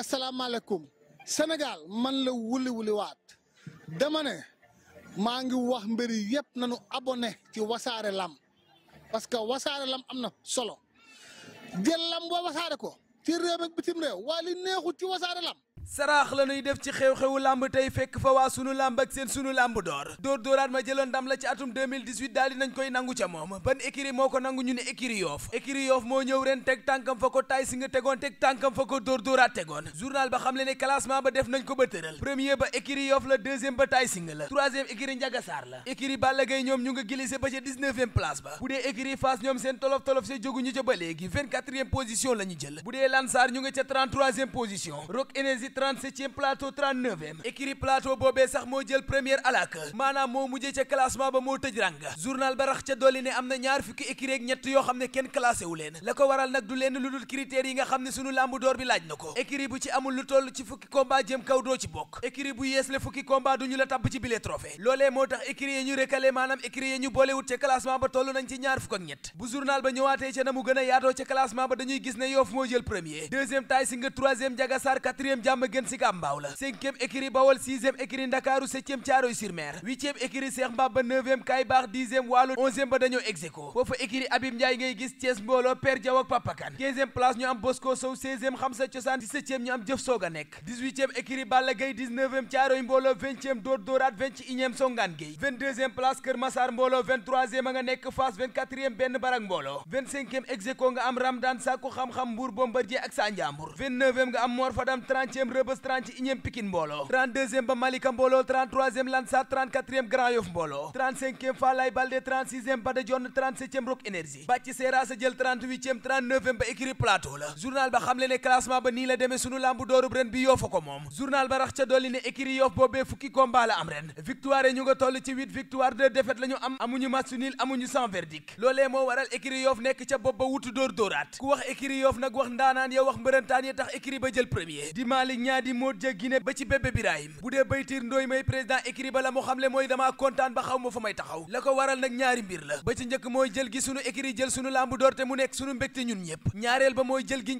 asalaamaaleykum Sénégal man la wuli wuli waat dama maa ngi wax mbir yëpp nañu abonné ci wasaare lam parce que wasaare lam am na solo jël lam boo wasaare ko ci réew ak bitim réew waa li neexul ci wasaare lam saraax la ñuy def ci xew-xewu lamb tey fekk fa waa sunu lamb ak seen sunu lamb door dóor dóoraat ma jëloon ndam la ci atum 2018 daal di nañ koy nangu ca moom ban écurie moo ko nangu ñu ne écurie Yoff moo ñëw ren teg tànkam fa ko tay si nga tegoon teg tànkam fa ko dóor dóoraat tegoon journal ba xam le ne classement ba def nañ ko ba tëral premier ba écurie Yoff la deuxième ba tay si nga la troisième écurie Ndiaga la écurie Balla Gaye ñoom ñu nga glissé e place ba bu léegi 24e position la ñu jël bu dee Lansar ñu nga ca 33e position 37e plateau 39e écurie plateau boobee sax moo jël première alak maanaam moo mujjee ca classement ba moo tëj ràng journal ba rax ca dolli ne am na ñaar fukki écurie ak ñett yoo xam ne kenn classé leen la ko waral nag du leen lu dul critères yi nga xam ne sunu làmbu door bi laaj na ko écurie bu ci amul lu toll ci fukki combat jëm kaw doo ci bokk écurie bu yees la fukki combat du ñu la tabb ci bile trophée loolee moo tax écurie ma gën si gàmbaaw la cinquième écurie Bawol sixième écurie Ndakaaru septième Caaroy sur Mer huitième écurie Seex Mbaba neuvième Kay Baax Waalo onzième ba dañoo ex aequo foofu Abib Ndiaye ngay gis Thiès Mbooloo Père Diaw ak Papa Kane place ñu am Bosco Sow seizième Xamsa Cosaan dix-septième ñu am Jëf Soog nekk dix-huitième écurie Balla Gaye dix-neuvième Caaroy Mbooloo vingtième Dóor Songaan Gueye vingt-deuxième place Kër Massar Mbooloo vingt-troisième a nga nekk Fass vingt-quatrième rëbës 31e Pikine mbooloo 32e ba Malika mbooloo 33e Lansar 34e Grand Yoff mbooloo 35e Falaye Baldé 36e Bada Dione 37e Rock Énergie Bathie Seras jël 38e 39e ba écurie Plateau la journal ba xamle ne classement ba nii la demee sunu lambu doorub ren bi Yoff a ko moom journal ba rax ca dolli ne écurie Yoff boobee fukki combat la am ren victoire ñu nga toll ci 8 victoire 2 défaite la ñu am amuñu match nul amuñu sans verdict loolee moo waral écurie Yoff nekk ca bopp ba wutu dóor dóoraat ku wax écurie Yoff nag wax ndaanaan yow wax mbërëntaan yi tax écurie ba jël premier di Malick ñaadi móot ja Guinée ba ci bébé Birahim bu dee baytiir ndooy may président écrit la mu xamle mooy damaa kontaan la ko waral nag ñaari mbir la ba ci njëkk mooy jël gi sunu écrit jël sunu làmb doorte mu nekk sunu mbégte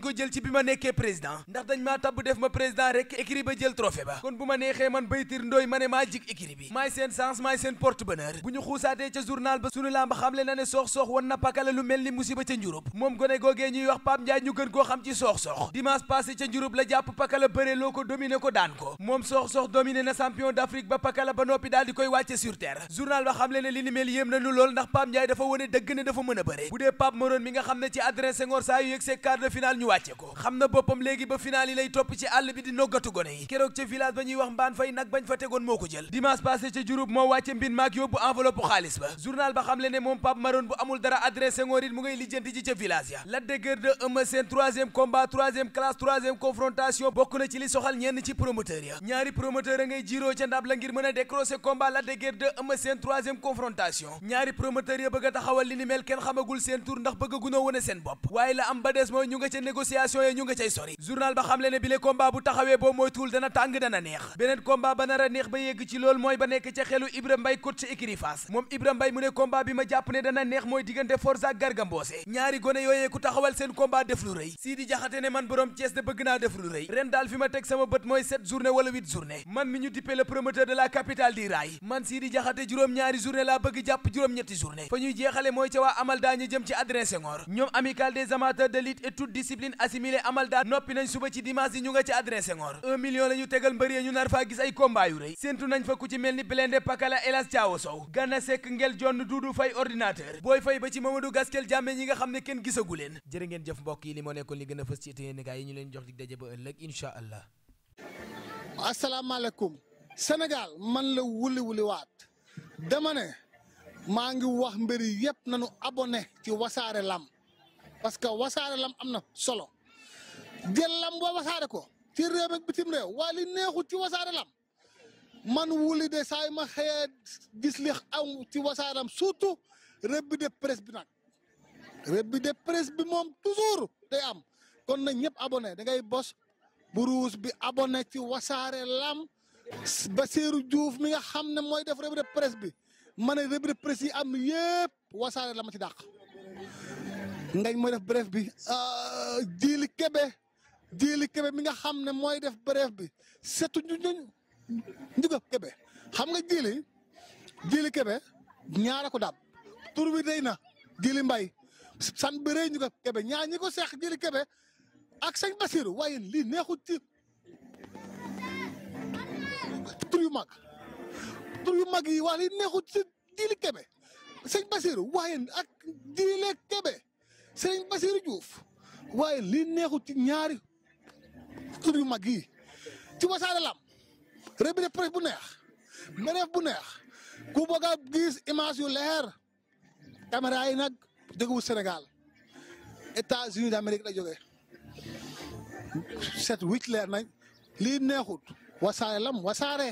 ko jël ci bi ma nekkee président ndax dañ maa tabb def ma président rek écrit ba jël trophée ba kon bu ma neexee man baytiir ndooy ma ne maa jik écrit bi maay seen sens maay seen porte bonheur bu ñu xuusaatee ca journal ba sunu làmb xamle na ne soox-soox wan na pakala lu mel ni musiba ca njurub moom gone googee ñuy wax Pape Ndiaye ñu gën koo xam ci soox-soox dimanche passé ca njurub la jàpp pakala bëre loo ko dominer ko daan ko moom sox sox dominer na champion d'Afrique ba pakala ba noppi daal di koy wàcce sur terre journal ba xam ne li yéem nañu lool ndax Pape Ndiaye dafa wone dëgg ne dafa mën a bëre bu dee Pape Morone mi nga xam ne ci Adrien Senghor saa yu yëg see quart de finale ñu wàcce ko xam na boppam léegi ba finale yi lay topp ci àll bi di noggatu gone yi keroog ca village ba ñuy wax mbaan fay nag bañ fa tegoon moo ko jël dimanche passé bokk na ci li soxal ñenn ci promoteur ya ñaari promoteur a ngay jiiroo ca ndab la ngir mën a décrocher ndax bëgg gunoo wone seen bopp waaye la am ba des mooy ñu nga ca ba xamle lool mooy ba nekk ca xelu Ibra Mbaye coach ci écurie Fass moom Ibra Mbaye mu ne combat bi ma jàpp ne dana neex mooy diggante Forza ak Garga ñaari gone yooyee ku taxawal seen combat def lu rëy Sidi Jaxate ne man borom Thiès de bëgg naa def lu rëy ren daal fi ma ma teg sama bët mooy sept journée wala huit journée man mi ñu dippee le promoteur de la capitale di raay man Sidi Jaxate juróom-ñaari journée laa bëgg jàpp juróom-ñetti journée fa ñuy jeexale mooy ca waa Amalda ñu jëm ci Adrien ñoom amicale des amateurs de lutte et toute discipline assimilée Amalda noppi nañ suba ci dimanche yi ñu nga ci Adrien Senghor million la tegal mbër ya ñu nar faa gis ay combat rëy séentu nañ fa ku ci mel ni Blindé Pakala asalaamaaleykum Sénégal man la wuli wuli waat dama maa ngi wax mbir yëpp nañu abonné ci wasaare lam parce que wasaare lam am na solo jël lam boo wasaare ko ci réew ak bitim réew waa li neexul ci wasaare lam man wuli de saa yi ma xëyee gis li am ci wasaare lam surtout revue de presse bi nag revue de presse bi moom toujours day am kon na ñëpp abonné da ngay bos buruus bi abonné ci wasaare lam Bassirou Diouf mi nga xam ne mooy def revue de presse bi ma ne revue de presse yi am yëpp wasaare la ma ci dàq ngañ mooy def bref bi jiili kebe jiili kebe mi nga xam ne mooy def bref bi setu ñu ñu njuga kebe xam nga jiili jiili kebe ñaara ko dab tur bi day na jiili mbay san bi rëy njuga kebe ñaar ñi ko seex jiili kebe ak sëñ Basiru waaye lii neexut ci tur yu mag tur yu mag yi waaye lii neexut ci Djily Kébé sëñ Basiru waaye ak Djily Kébé sëñ Basiru Diouf waaye lii neexut ci ñaari tur yu mag yi ci Wassare Lamb revue de presse bu neex meneef bu neex ku bëgg a gis yu leer caméra yi nag jógewul Sénégal États-Unis d'Amérique la jógee set wicc leer nañ lii neexut wasaare lam wasare